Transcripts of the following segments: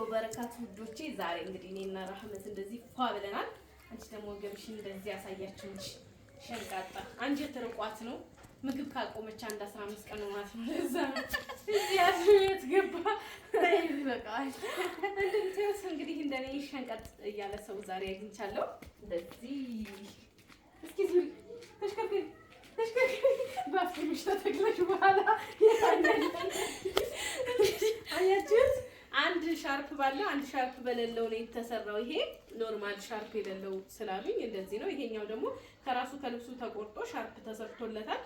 ወበረካቱ ወበረካቱ ውዶቼ ዛሬ እንግዲህ እኔና ራህመት እንደዚህ ፏ ብለናል። አንቺ ደግሞ ገብሽን እንደዚህ ያሳያችሁ እንጂ ሸንቃጣ አንጀት ርቋት ነው። ምግብ ካቆመች አንድ 15 ቀን ማለት ነው። ለዛ እዚያት ገባ ይበቃል። እንደምታዩት እንግዲህ እንደኔ ሸንቀጥ እያለ ሰው ዛሬ አግኝቻለሁ። እንደዚህ እስኪ ተሽከርከሪ ተሽከርከሪ በአፍሪሽ ተተግለሽ በኋላ ሻርፕ ባለው አንድ ሻርፕ በሌለው ነው የተሰራው። ይሄ ኖርማል ሻርፕ የሌለው ስላሉኝ እንደዚህ ነው። ይሄኛው ደግሞ ከራሱ ከልብሱ ተቆርጦ ሻርፕ ተሰርቶለታል።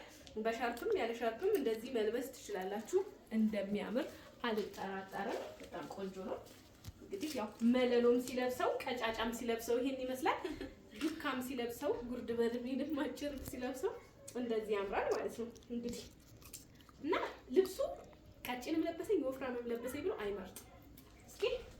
በሻርፕም ያለ ሻርፕም እንደዚህ መልበስ ትችላላችሁ። እንደሚያምር አልጠራጠርም። በጣም ቆንጆ ነው። እንግዲህ ያው መለሎም ሲለብሰው፣ ቀጫጫም ሲለብሰው ይሄን ይመስላል። ዱካም ሲለብሰው፣ ጉርድ በርሚልም አጭር ሲለብሰው እንደዚህ ያምራል ማለት ነው እንግዲህ እና ልብሱ ቀጭንም ለበሰኝ ወፍራምም ለበሰኝ ብሎ አይመርጥም።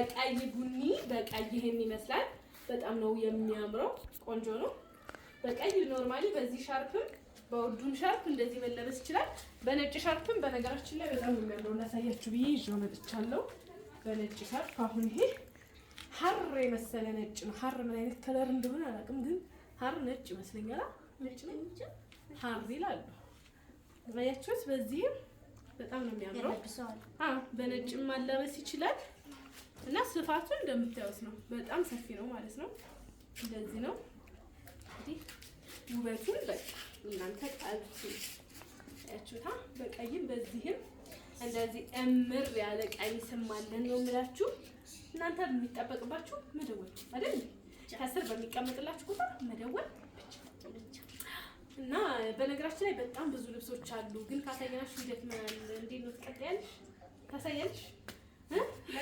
በቀይ ቡኒ በቀይ ይሄን ይመስላል። በጣም ነው የሚያምረው። ቆንጆ ነው። በቀይ ኖርማሊ በዚህ ሻርፕም በውዱን ሻርፕ እንደዚህ መለበስ ይችላል። በነጭ ሻርፕም በነገራችን ላይ በጣም የሚያምረው እናሳያችሁ ብዬ ይዤ መጥቻለሁ። በነጭ ሻርፕ አሁን ይሄ ሀር የመሰለ ነጭ ነው። ሀር ምን አይነት ከለር እንደሆነ አላውቅም፣ ግን ሀር ነጭ ይመስለኛል። ነጭ ነጭ ሀር ይላሉ። አያችሁት? በዚህም በጣም ነው የሚያምረው። በነጭም ማላበስ ይችላል። እና ስፋቱ እንደምታዩት ነው። በጣም ሰፊ ነው ማለት ነው። እንደዚህ ነው እንግዲህ ውበቱን በቃ እናንተ ቃልቱ ያችሁታ። በቀይም በዚህም እንደዚህ እምር ያለ ቀሚስም አለን ነው የምላችሁ። እናንተ የሚጠበቅባችሁ መደወች አይደል? ከስር በሚቀመጥላችሁ ቁጥር መደወል እና በነገራችን ላይ በጣም ብዙ ልብሶች አሉ፣ ግን ካሳየናችሁ ሂደት ምናምን እንዴት ነው ትቀጥያለሽ? ታሳያለሽ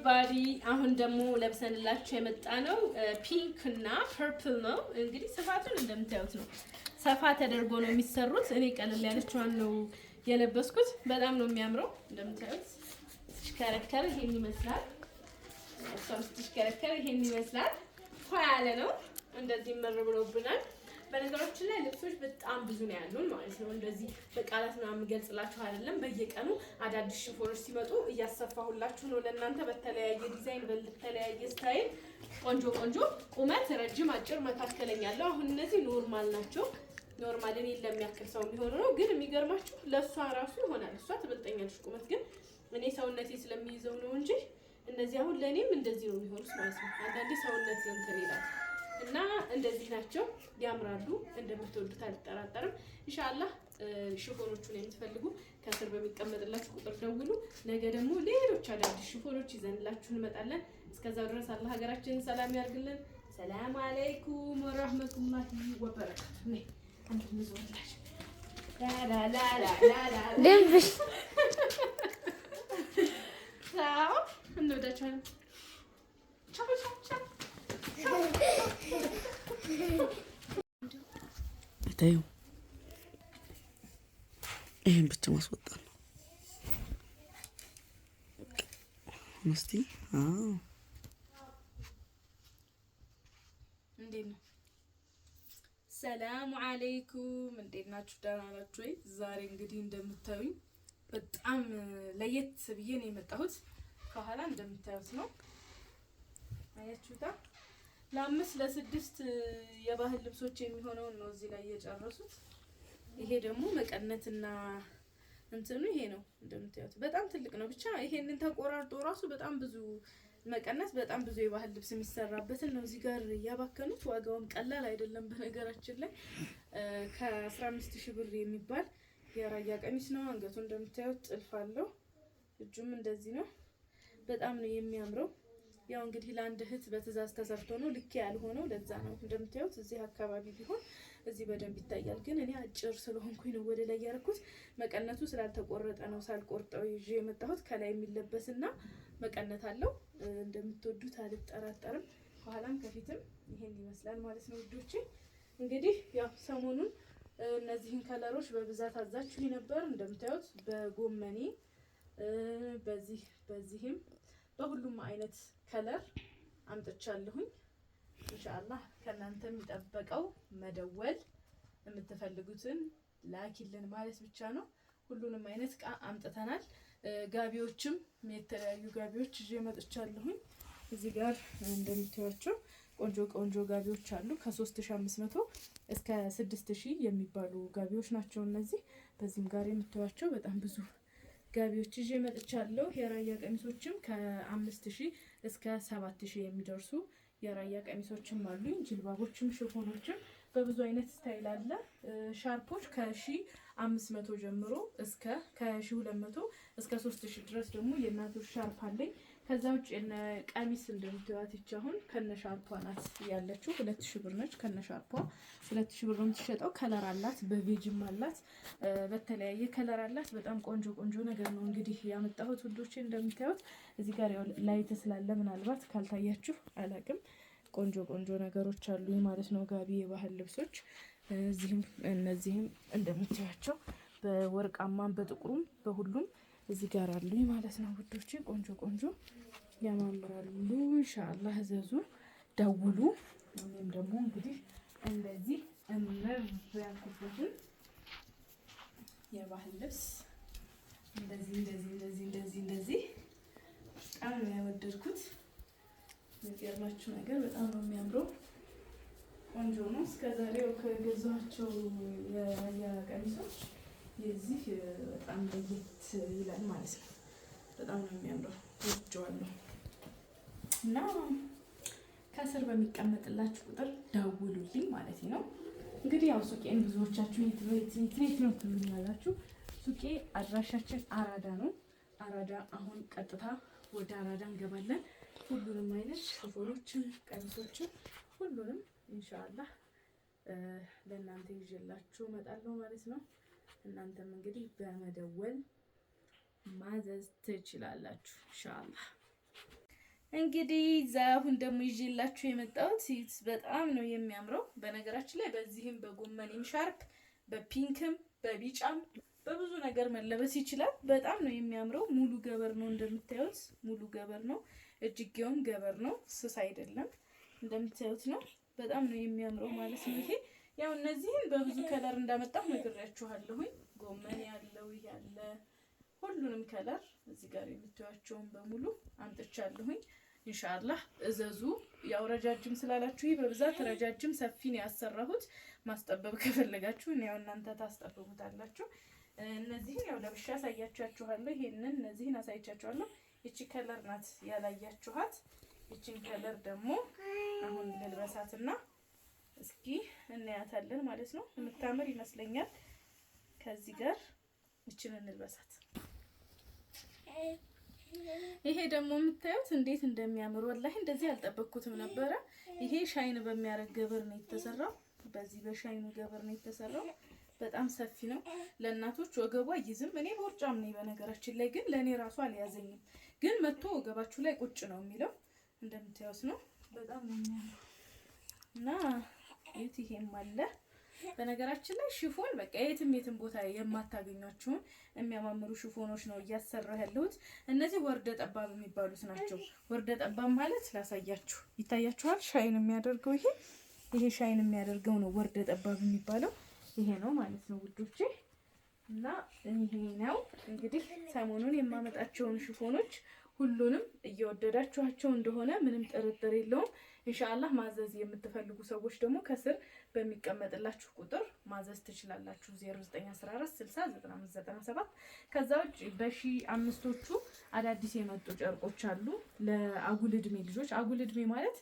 ኤቭሪባዲ አሁን ደግሞ ለብሰንላቸው የመጣ ነው ፒንክ እና ፐርፕል ነው። እንግዲህ ስፋቱን እንደምታዩት ነው። ሰፋ ተደርጎ ነው የሚሰሩት። እኔ ቀለል ያለችዋን ነው የለበስኩት። በጣም ነው የሚያምረው። እንደምታዩት ስትሽከረከር ይሄን ይመስላል። እሷም ስትሽከረከር ይሄን ይመስላል። ኳ ያለ ነው። እንደዚህ መር ብሎብናል። በነገራችን ላይ ልብሶች በጣም ብዙ ነው ያሉን ማለት ነው። እንደዚህ በቃላት ነው የምገልጽላችሁ አይደለም። በየቀኑ አዳዲስ ሽፎኖች ሲመጡ እያሰፋሁላችሁ ነው ለእናንተ በተለያየ ዲዛይን፣ በተለያየ ስታይል ቆንጆ ቆንጆ ቁመት፣ ረጅም፣ አጭር፣ መካከለኛ አለው። አሁን እነዚህ ኖርማል ናቸው። ኖርማል እኔ ለሚያክል ሰው የሚሆኑ ነው። ግን የሚገርማችሁ ለእሷ ራሱ ይሆናል። እሷ ትበልጠኛለች ቁመት፣ ግን እኔ ሰውነቴ ስለሚይዘው ነው እንጂ እነዚህ አሁን ለእኔም እንደዚህ ነው የሚሆኑት ማለት ነው። አንዳንዴ ሰውነት እንትን ይላል እና እንደዚህ ናቸው፣ ያምራሉ። እንደምትወዱት አልጠራጠርም። ኢንሻአላህ ሽፎኖቹን የምትፈልጉ ከስር በሚቀመጥላችሁ ቁጥር ደውሉ። ነገ ደግሞ ሌሎች አዳዲስ ሽፎኖች ይዘንላችሁ እንመጣለን። እስከዛ ድረስ አላህ ሀገራችንን ሰላም ያርግልን። ሰላም አለይኩም ወረህመቱላሂ ወበረካቱ። እንደምታዩ ይህን ብቻ ማስወጣት ነው። እስቲ እንዴት ነው? ሰላሙ አለይኩም እንዴት ናችሁ? ደህና ናችሁ ወይ? ዛሬ እንግዲህ እንደምታዩኝ በጣም ለየት ብዬ ነው የመጣሁት። ከኋላ እንደምታዩት ነው አያችሁታ ለአምስት ለስድስት የባህል ልብሶች የሚሆነውን ነው እዚህ ላይ እየጨረሱት ይሄ ደግሞ መቀነትና እንትኑ ይሄ ነው እንደምታዩት፣ በጣም ትልቅ ነው። ብቻ ይሄንን ተቆራርጦ ራሱ በጣም ብዙ መቀነት፣ በጣም ብዙ የባህል ልብስ የሚሰራበትን ነው እዚህ ጋር እያባከኑት ዋጋውም ቀላል አይደለም። በነገራችን ላይ ከአስራ አምስት ሺህ ብር የሚባል የራያ ቀሚስ ነው። አንገቱ እንደምታዩት ጥልፍ አለው። እጁም እንደዚህ ነው። በጣም ነው የሚያምረው። ያው እንግዲህ ለአንድ እህት በትዛዝ ተሰርቶ ነው ልክ ያልሆነው። ለዛ ነው እንደምታዩት እዚህ አካባቢ ቢሆን እዚህ በደንብ ይታያል። ግን እኔ አጭር ስለሆንኩኝ ነው ወደ ላይ ያደረኩት። መቀነቱ ስላልተቆረጠ ነው ሳልቆርጠው ይዤ የመጣሁት። ከላይ የሚለበስና መቀነት አለው እንደምትወዱት አልጠራጠርም። ከኋላም ከፊትም ይሄን ይመስላል ማለት ነው ውዶቼ። እንግዲህ ያው ሰሞኑን እነዚህን ከለሮች በብዛት አዛችሁ ነበር። እንደምታዩት በጎመኔ በዚህ በዚህም በሁሉም አይነት ከለር አምጥቻለሁኝ። ኢንሻአላህ ከእናንተ የሚጠበቀው መደወል የምትፈልጉትን ላኪልን ማለት ብቻ ነው። ሁሉንም አይነት እቃ አምጥተናል። ጋቢዎችም የተለያዩ ጋቢዎች ይዤ መጥቻለሁኝ። እዚህ ጋር እንደምታዩቸው ቆንጆ ቆንጆ ጋቢዎች አሉ። ከ3500 እስከ 6000 የሚባሉ ጋቢዎች ናቸው እነዚህ። በዚህም ጋር የምታዩቸው በጣም ብዙ ጋቢዎች ይዤ መጥቻለሁ። የራያ ቀሚሶችም ከአምስት ሺህ እስከ ሰባት ሺህ የሚደርሱ የራያ ቀሚሶችም አሉኝ። ጅልባቦችም ሽፎኖችም በብዙ አይነት ስታይል አለ። ሻርፖች ከሺ አምስት መቶ ጀምሮ እስከ ከሺ ሁለት መቶ እስከ ሶስት ሺ ድረስ ደግሞ የእናቶች ሻርፕ አለኝ። ከዛ ውጭ የነ ቀሚስ እንደምትይዋት ይቺ አሁን ከነ ሻርፖዋ ናት ያለችው። ሁለት ሺ ብር ነች ከነ ሻርፖዋ ሁለት ሺ ብር ነው የምትሸጠው። ከለር አላት፣ በቬጅም አላት፣ በተለያየ ከለር አላት። በጣም ቆንጆ ቆንጆ ነገር ነው እንግዲህ ያመጣሁት ውዶቼ። እንደምታዩት እዚህ ጋር ላይት ስላለ ምናልባት ካልታያችሁ አላቅም። ቆንጆ ቆንጆ ነገሮች አሉ ማለት ነው። ጋቢ፣ የባህል ልብሶች እዚህም እነዚህም እንደምታያቸው በወርቃማም በጥቁሩም በሁሉም እዚህ ጋር አሉኝ ማለት ነው ውዶቼ። ቆንጆ ቆንጆ ያማምራሉ። ኢንሻአላህ እዘዙ፣ ደውሉ። እኔም ደግሞ እንግዲህ እንደዚህ እምር ያልኩበትን የባህል ልብስ እንደዚህ እንደዚህ እንደዚህ እንደዚህ እንደዚህ በጣም ነው ያወደድኩት። የሚገርማችሁ ነገር በጣም ነው የሚያምረው። ቆንጆ ነው። እስከዛሬው ከገዛኋቸው የቀሚሶች የዚህ በጣም ለየት ይላል ማለት ነው። በጣም ነው የሚያምረው። ወድጄዋለሁ እና ከስር በሚቀመጥላችሁ ቁጥር ደውሉልኝ ማለት ነው። እንግዲህ ያው ሱቄን ብዙዎቻችሁ የትቤት ነው ትሉኛላችሁ። ሱቄ አድራሻችን አራዳ ነው። አራዳ አሁን ቀጥታ ወደ አራዳ እንገባለን። ሁሉንም አይነት ፎፎኖችን፣ ቀሚሶችን ሁሉንም ኢንሻአላህ ለእናንተ ይዤላችሁ እመጣለሁ ማለት ነው። እናንተም እንግዲህ በመደወል ማዘዝ ትችላላችሁ ኢንሻአላ። እንግዲህ አሁን ደግሞ ይዤላችሁ የመጣሁት በጣም ነው የሚያምረው። በነገራችን ላይ በዚህም በጎመኔም ሻርፕ፣ በፒንክም፣ በቢጫም በብዙ ነገር መለበስ ይችላል። በጣም ነው የሚያምረው። ሙሉ ገበር ነው እንደምታዩት፣ ሙሉ ገበር ነው። እጅጌውም ገበር ነው፣ ስስ አይደለም። እንደምታዩት ነው። በጣም ነው የሚያምረው ማለት ነው ይሄ ያው እነዚህን በብዙ ከለር እንዳመጣሁ ነግሬያችኋለሁኝ። ጎመን ያለው ይሄ ያለ ሁሉንም ከለር እዚህ ጋር የምታዩቸውን በሙሉ አምጥቻለሁኝ። ኢንሻአላህ እዘዙ። ያው ረጃጅም ስላላችሁ ይህ በብዛት ረጃጅም ሰፊን ያሰራሁት ማስጠበብ ከፈለጋችሁ ያው እናንተ ታስጠብቡታላችሁ። እነዚህን ያው ለብሻ አሳያችኋለሁ። ይሄንን እነዚህን አሳይቻችኋለሁ። ይቺ ከለር ናት ያላያችኋት። ይቺን ከለር ደግሞ አሁን ልልበሳትና እስኪ እናያታለን ማለት ነው። የምታምር ይመስለኛል። ከዚህ ጋር እችን እንልበሳት። ይሄ ደግሞ የምታዩት እንዴት እንደሚያምር ወላሂ እንደዚህ አልጠበቅኩትም ነበረ። ይሄ ሻይን በሚያደርግ ገበር ነው የተሰራው። በዚህ በሻይኑ ገበር ነው የተሰራው። በጣም ሰፊ ነው። ለእናቶች ወገቡ አይዝም። እኔ ቦርጫም ነኝ በነገራችን ላይ ግን ለእኔ ራሱ አልያዘኝም። ግን መጥቶ ወገባችሁ ላይ ቁጭ ነው የሚለው እንደምታዩት ነው። በጣም ነው እና እዩት። ይሄም አለ። በነገራችን ላይ ሽፎን በቃ የትም የትም ቦታ የማታገኛቸውን የሚያማምሩ ሽፎኖች ነው እያሰራ ያለሁት። እነዚህ ወርደ ጠባብ የሚባሉት ናቸው። ወርደ ጠባብ ማለት ላሳያችሁ፣ ይታያችኋል። ሻይን የሚያደርገው ይሄ ይሄ ሻይን የሚያደርገው ነው ወርደ ጠባብ የሚባለው ይሄ ነው ማለት ነው ውዶቼ። እና ይሄ ነው እንግዲህ ሰሞኑን የማመጣቸውን ሽፎኖች ሁሉንም እየወደዳችኋቸው እንደሆነ ምንም ጥርጥር የለውም። ኢንሻአላህ ማዘዝ የምትፈልጉ ሰዎች ደግሞ ከስር በሚቀመጥላችሁ ቁጥር ማዘዝ ትችላላችሁ። 0914609597 ከዛ ውጭ በሺ አምስቶቹ አዳዲስ የመጡ ጨርቆች አሉ ለአጉል እድሜ ልጆች። አጉል እድሜ ማለት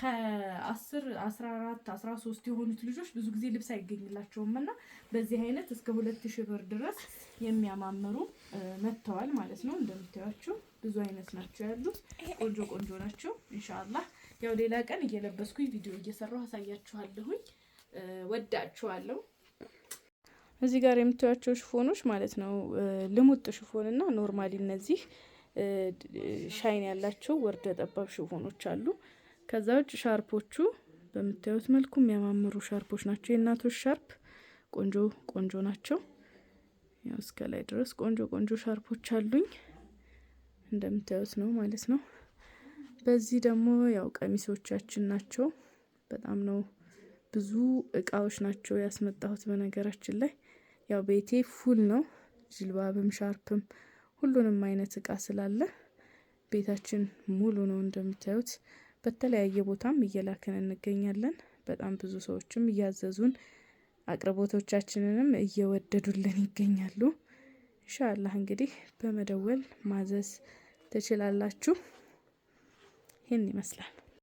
ከ10 14 13 የሆኑት ልጆች ብዙ ጊዜ ልብስ አይገኝላቸውም እና በዚህ አይነት እስከ ሁለት ሺህ ብር ድረስ የሚያማምሩ መጥተዋል ማለት ነው። እንደምታያቸው ብዙ አይነት ናቸው ያሉት ቆንጆ ቆንጆ ናቸው። ኢንሻአላህ ያው ሌላ ቀን እየለበስኩኝ ቪዲዮ እየሰራሁ አሳያችኋለሁኝ። ወዳችኋለሁ። እዚህ ጋር የምታዩቸው ሽፎኖች ማለት ነው ልሙጥ ሽፎን እና ኖርማሊ እነዚህ ሻይን ያላቸው ወርደ ጠባብ ሽፎኖች አሉ። ከዛ ውጭ ሻርፖቹ በምታዩት መልኩ የሚያማምሩ ሻርፖች ናቸው። የእናቶች ሻርፕ ቆንጆ ቆንጆ ናቸው። ያው እስከ ላይ ድረስ ቆንጆ ቆንጆ ሻርፖች አሉኝ እንደምታዩት ነው ማለት ነው። በዚህ ደግሞ ያው ቀሚሶቻችን ናቸው። በጣም ነው ብዙ እቃዎች ናቸው ያስመጣሁት። በነገራችን ላይ ያው ቤቴ ፉል ነው፣ ጅልባብም ሻርፕም ሁሉንም አይነት እቃ ስላለ ቤታችን ሙሉ ነው። እንደምታዩት በተለያየ ቦታም እየላክን እንገኛለን። በጣም ብዙ ሰዎችም እያዘዙን አቅርቦቶቻችንንም እየወደዱልን ይገኛሉ። ኢንሻአላህ እንግዲህ በመደወል ማዘዝ ትችላላችሁ። ይህን ይመስላል።